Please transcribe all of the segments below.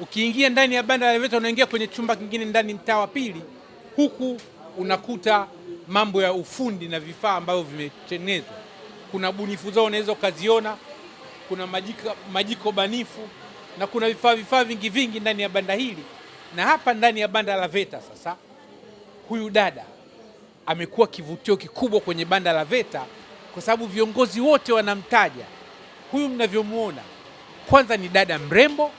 Ukiingia ndani ya banda la VETA unaingia kwenye chumba kingine ndani, mtaa wa pili, huku unakuta mambo ya ufundi na vifaa ambavyo vimetengenezwa. Kuna bunifu zao unaweza ukaziona, kuna majiko, majiko banifu na kuna vifaa vifaa vingi vingi ndani ya banda hili. Na hapa ndani ya banda la VETA sasa, huyu dada amekuwa kivutio kikubwa kwenye banda la VETA kwa sababu viongozi wote wanamtaja. Huyu mnavyomwona, kwanza ni dada mrembo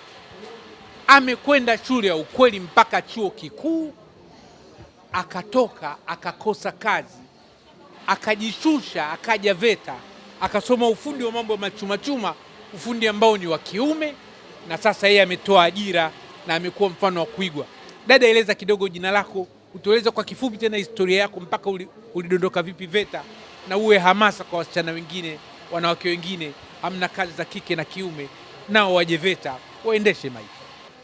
amekwenda shule ya ukweli mpaka chuo kikuu, akatoka akakosa kazi, akajishusha, akaja VETA akasoma ufundi wa mambo ya machumachuma, ufundi ambao ni wa kiume, na sasa yeye ametoa ajira na amekuwa mfano wa kuigwa. Dada, eleza kidogo jina lako, utueleza kwa kifupi tena historia yako mpaka ulidondoka vipi VETA, na uwe hamasa kwa wasichana wengine, wanawake wengine, hamna kazi za kike na kiume, nao waje VETA waendeshe maisha.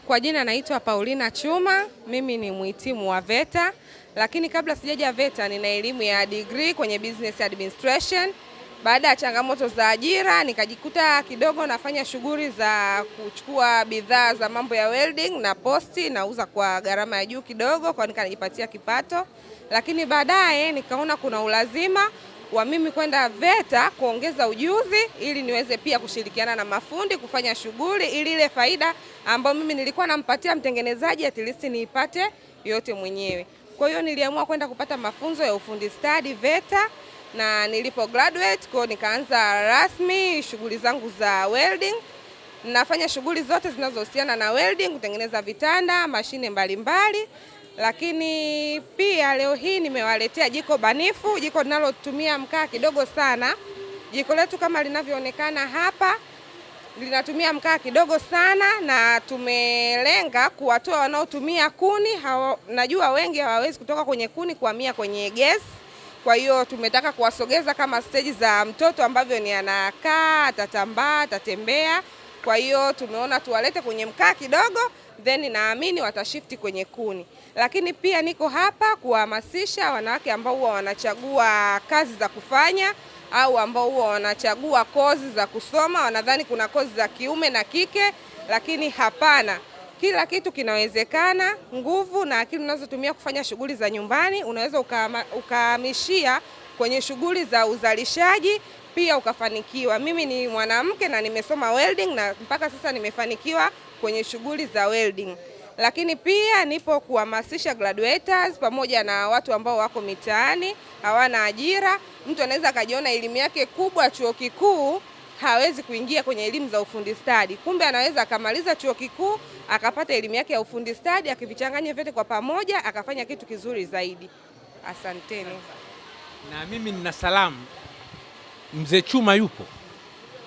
Kwa jina naitwa Paulina Chuma, mimi ni mhitimu wa VETA, lakini kabla sijaja VETA nina elimu ya degree kwenye business administration. Baada ya changamoto za ajira nikajikuta kidogo nafanya shughuli za kuchukua bidhaa za mambo ya welding na posti, nauza kwa gharama ya juu kidogo, kwa nikajipatia kipato, lakini baadaye nikaona kuna ulazima wa mimi kwenda VETA kuongeza ujuzi ili niweze pia kushirikiana na mafundi kufanya shughuli ili ile faida ambayo mimi nilikuwa nampatia mtengenezaji at least niipate yote mwenyewe. Kwa hiyo niliamua kwenda kupata mafunzo ya ufundi stadi VETA na nilipo graduate kwa nikaanza rasmi shughuli zangu za welding. Nafanya shughuli zote zinazohusiana na welding, kutengeneza vitanda, mashine mbalimbali mbali. Lakini pia leo hii nimewaletea jiko banifu, jiko linalotumia mkaa kidogo sana. Jiko letu kama linavyoonekana hapa linatumia mkaa kidogo sana, na tumelenga kuwatoa wanaotumia kuni hawa. Najua wengi hawawezi kutoka kwenye kuni kuhamia kwenye gesi, kwa hiyo tumetaka kuwasogeza kama steji za mtoto ambavyo ni anakaa, atatambaa, atatembea kwa hiyo tumeona tuwalete kwenye mkaa kidogo, then naamini watashifti kwenye kuni. Lakini pia niko hapa kuwahamasisha wanawake ambao huwa wanachagua kazi za kufanya au ambao huwa wanachagua kozi za kusoma, wanadhani kuna kozi za kiume na kike, lakini hapana. Kila kitu kinawezekana. Nguvu na akili unazotumia kufanya shughuli za nyumbani unaweza ukahamishia kwenye shughuli za uzalishaji pia ukafanikiwa. Mimi ni mwanamke na nimesoma welding na mpaka sasa nimefanikiwa kwenye shughuli za welding, lakini pia nipo kuhamasisha graduates pamoja na watu ambao wako mitaani hawana ajira. Mtu anaweza akajiona elimu yake kubwa chuo kikuu hawezi kuingia kwenye elimu za ufundi stadi, kumbe anaweza akamaliza chuo kikuu akapata elimu yake ya ufundi stadi, akivichanganya vyote kwa pamoja akafanya kitu kizuri zaidi. Asanteni. Na mimi nina salamu Mzee Chuma yupo?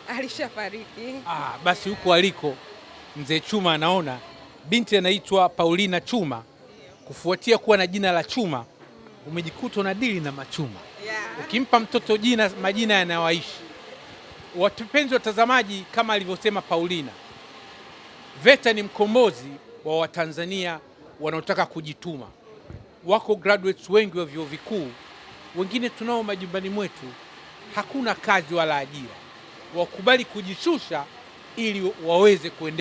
Alishafariki. Ah, basi huko aliko Mzee Chuma anaona binti anaitwa Paulina Chuma, kufuatia kuwa na jina la Chuma umejikuta unadili na machuma yeah. Ukimpa mtoto jina majina yanawaishi Wapenzi watazamaji, kama alivyosema Paulina, VETA ni mkombozi wa Watanzania wanaotaka kujituma. Wako graduates wengi wa vyuo vikuu, wengine tunao majumbani mwetu hakuna kazi wala ajira, wakubali kujishusha ili waweze kuendelea.